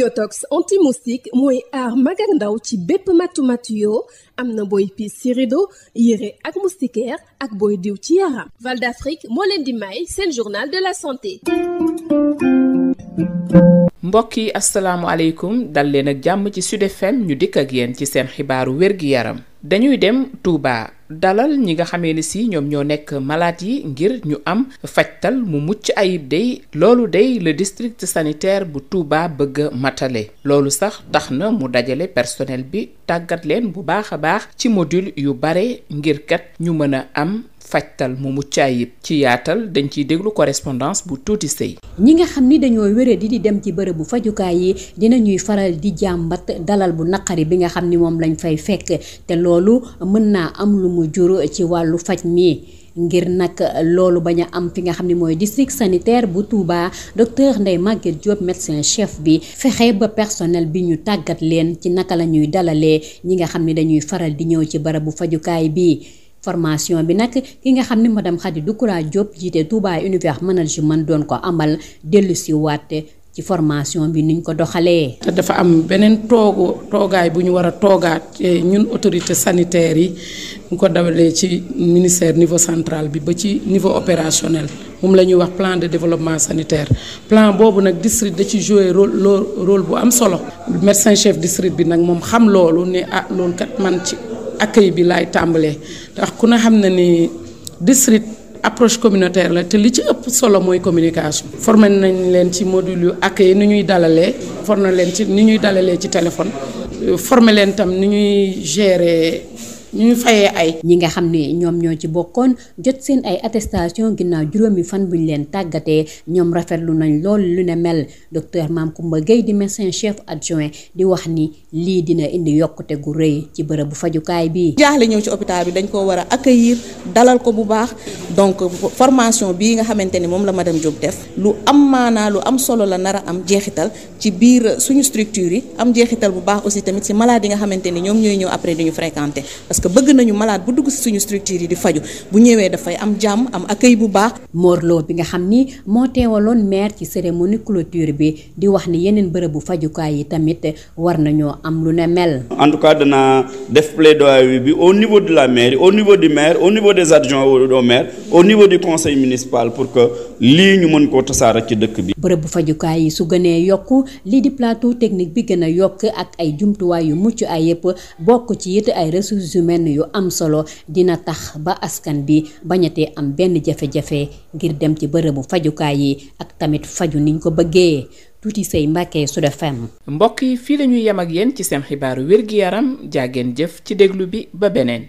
yotox anti-moustique mooy aar mag ak ndaw ci bépp matu-matu yoo am na booy piis ci rideau yére ak moustiquaire ak booy diw ci yaram Val d'Afrique moo leen di may seen journal de la santé mbokk yi asalaamualeykum dal leen ak jàmm ci Sud FM ñu dikk ak yéen ci seen xibaaru wér-gi-yaram dañuy dem Touba dalal ñi nga xamee ni si ñoom ñoo nekk malaat yi ngir ñu am fajtal mu mucc ayib day loolu day le district sanitaire bu Touba bëgg matale loolu sax tax na mu dajale personnel bi tàggat leen bu baax a baax ci module yu bare ngir kat ñu mën a am fajtal mu mucc ayib ci yaatal dañ ciy déglu correspondance bu tuuti sëy ñi nga xam ni dañoo wéré di di dem ci bërëb fajukaay yi dina ñuy faral di jàmbat dalal bu naqari bi nga xam ni moom lañ fay fekk te loolu mën naa am lu mu jur ci wàllu faj mi. ngir nag loolu bañ a am fi nga xam ni mooy district sanitaire bu Touba docteur ndey Maguette Diop médecin chef bi fexe ba personnel bi ñu tàggat leen ci naka la ñuy dalalee ñi nga xam ne dañuy faral di ñëw ci barabu formation bi nag ki nga xam ni madame Khady Doucoura Diop jiite Touba Univers man doon ko amal dellu si waate ci formation bi niñ ko doxalee. te dafa am beneen toogu toogaay bu ñu war a toogaat ñun autorité sanitaires yi ñu ko dawalee ci ministère niveau central bi ba ci niveau opérationnel moom la ñuy wax plan de développement sanitaire plan boobu nag district da ci jouer rôle rôle bu am solo. médecin chef district bi nag moom xam loolu ne ah loolu man ci. accueil bi laay tàmbalee ndax ku ne xam na ni district approche communautaire la te li ci ëpp solo mooy communication. formé nañ leen ci module yu accueil ni ñuy dalalee formé leen ci ni ñuy dalalee ci téléphone formé leen tam ni ñuy gérer. ñuy fayee ay. ñi nga xam ne ñoom ñoo ci bokkoon jot seen ay attestation ginnaaw juróomi fan buñ leen tàggatee ñoom rafetlu nañ lool lu ne mel docteur Mame Coumba Gueye di médecin chef adjoint di wax ni lii dina indi yokkute gu rëy ci bërëb bu fajukaay bi. jaaxle ñëw ci hôpital bi dañ ko war a accueillir dalal ko bu baax donc formation bii nga xamante ni moom la dem jóg def lu am maanaa lu am solo la nar a am jeexital ci biir suñu structure yi am jeexital bu baax aussi tamit si malade yi nga xamante ni ñoom ñooy ñëw après duñu fréquenter parce que bëgg nañu malaat bu dugg si suñu structure yi di faju bu ñëwee dafay am jàmm am accueil bu baax. Morlo bi nga xam ni moo teewaloon maire ci cérémonie clôture bi di wax ni yeneen bërëbu fajukaay yi tamit war nañoo am lu ne mel. en tout cas danaa def plaidoyer bi au niveau de la mairie au niveau de maire au niveau des adjoints au maire au niveau du conseil municipal pour que lii ñu mën koo tasaara ci dëkk bi. bërëbu fajukaay yi su gënee yokk lii di plateau technique bi gën a yokk ak ay jumtuwaay yu mucc ay yëpp bokk ci it ay ressources domaine yu am solo dina tax ba askan bi bañatee am benn jafe-jafe ngir dem ci bërëbu fajukaay yi ak tamit faju niñ ko bëggee tuuti say mbàkkee Sud FM. mbokk yi fii lañuy ñuy yem ak yéen ci seen xibaaru wér-gi-yaram jaageen jëf ci déglu bi ba beneen.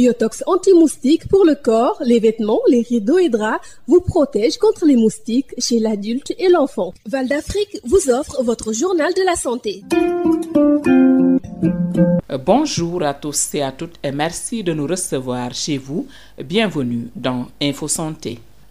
Biotox anti-moustique pour le corps, les vêtements, les rideaux et draps vous protège contre les moustiques chez l'adulte et l'enfant. Val d'Afrique vous offre votre journal de la santé. Euh, bonjour à tous et à toutes et merci de nous recevoir chez vous. Bienvenue dans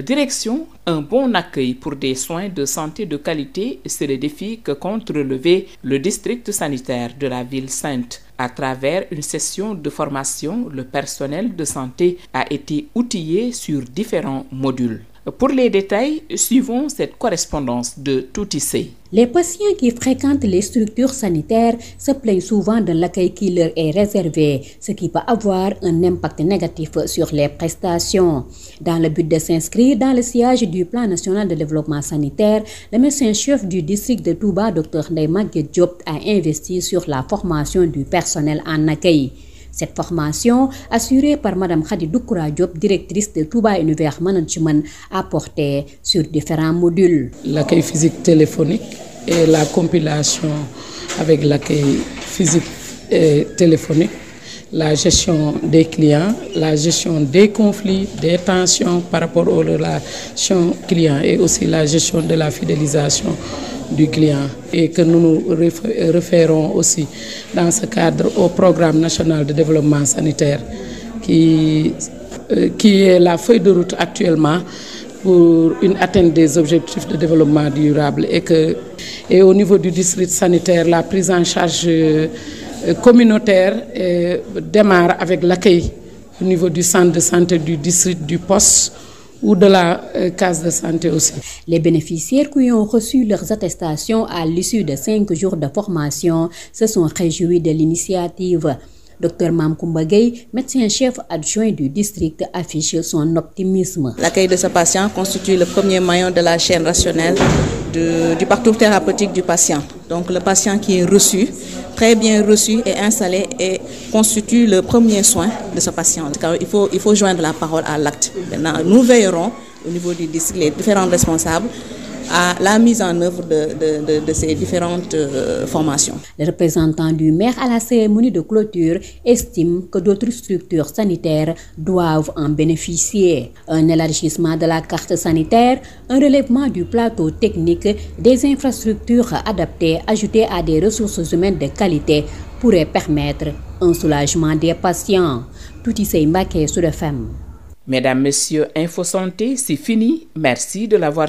Direction, un bon accueil pour des soins de santé de qualité, c'est le défi que compte relever le district sanitaire de la ville sainte. À travers une session de formation, le personnel de santé a été outillé sur différents modules. Pour les détails, suivons cette correspondance de Toutissé. Les patients qui fréquentent les structures sanitaires se plaignent souvent de l'accueil qui leur est réservé, ce qui peut avoir un impact négatif sur les prestations. Dans le but de s'inscrire dans le siège du Plan national de développement sanitaire, le médecin-chef du district de Touba, Dr Neymag Diop, a investi sur la formation du personnel en accueil. Cette formation, assurée par Madame Khadi Doukoura Diop, directrice de Touba Univers Management, a porté sur différents modules. L'accueil physique téléphonique et la compilation avec l'accueil physique téléphonique, la gestion des clients, la gestion des conflits, des tensions par rapport aux relations client et aussi la gestion de la fidélisation du client et que nous nous référons aussi dans ce cadre au programme national de développement sanitaire qui, euh, qui est la feuille de route actuellement pour une atteinte des objectifs de développement durable et que et au niveau du district sanitaire, la prise en charge euh, communautaire euh, démarre avec l'accueil au niveau du centre de santé du district du poste ou de la euh, case de santé aussi. Les bénéficiaires qui ont reçu leurs attestations à l'issue de cinq jours de formation se sont réjouis de l'initiative. Docteur Mam Gueye, médecin-chef adjoint du district, affiche son optimisme. L'accueil de ce patient constitue le premier maillon de la chaîne rationale du, du parcours thérapeutique du patient. Donc le patient qui est reçu, très bien reçu et installé et constitue le premier soin de ce patient. Car il faut, il faut joindre la parole à l'acte. Maintenant, nous veillerons au niveau du district, les différents responsables à la mise en œuvre de, de, de, de ces différentes euh, formations. Les représentants du maire à la cérémonie de clôture estiment que d'autres structures sanitaires doivent en bénéficier. Un élargissement de la carte sanitaire, un relèvement du plateau technique, des infrastructures adaptées ajoutées à des ressources humaines de qualité pourraient permettre un soulagement des patients. Touti Sey Mbacké, Sud FM. Mesdames, Messieurs, Info Santé, c'est fini. Merci de l'avoir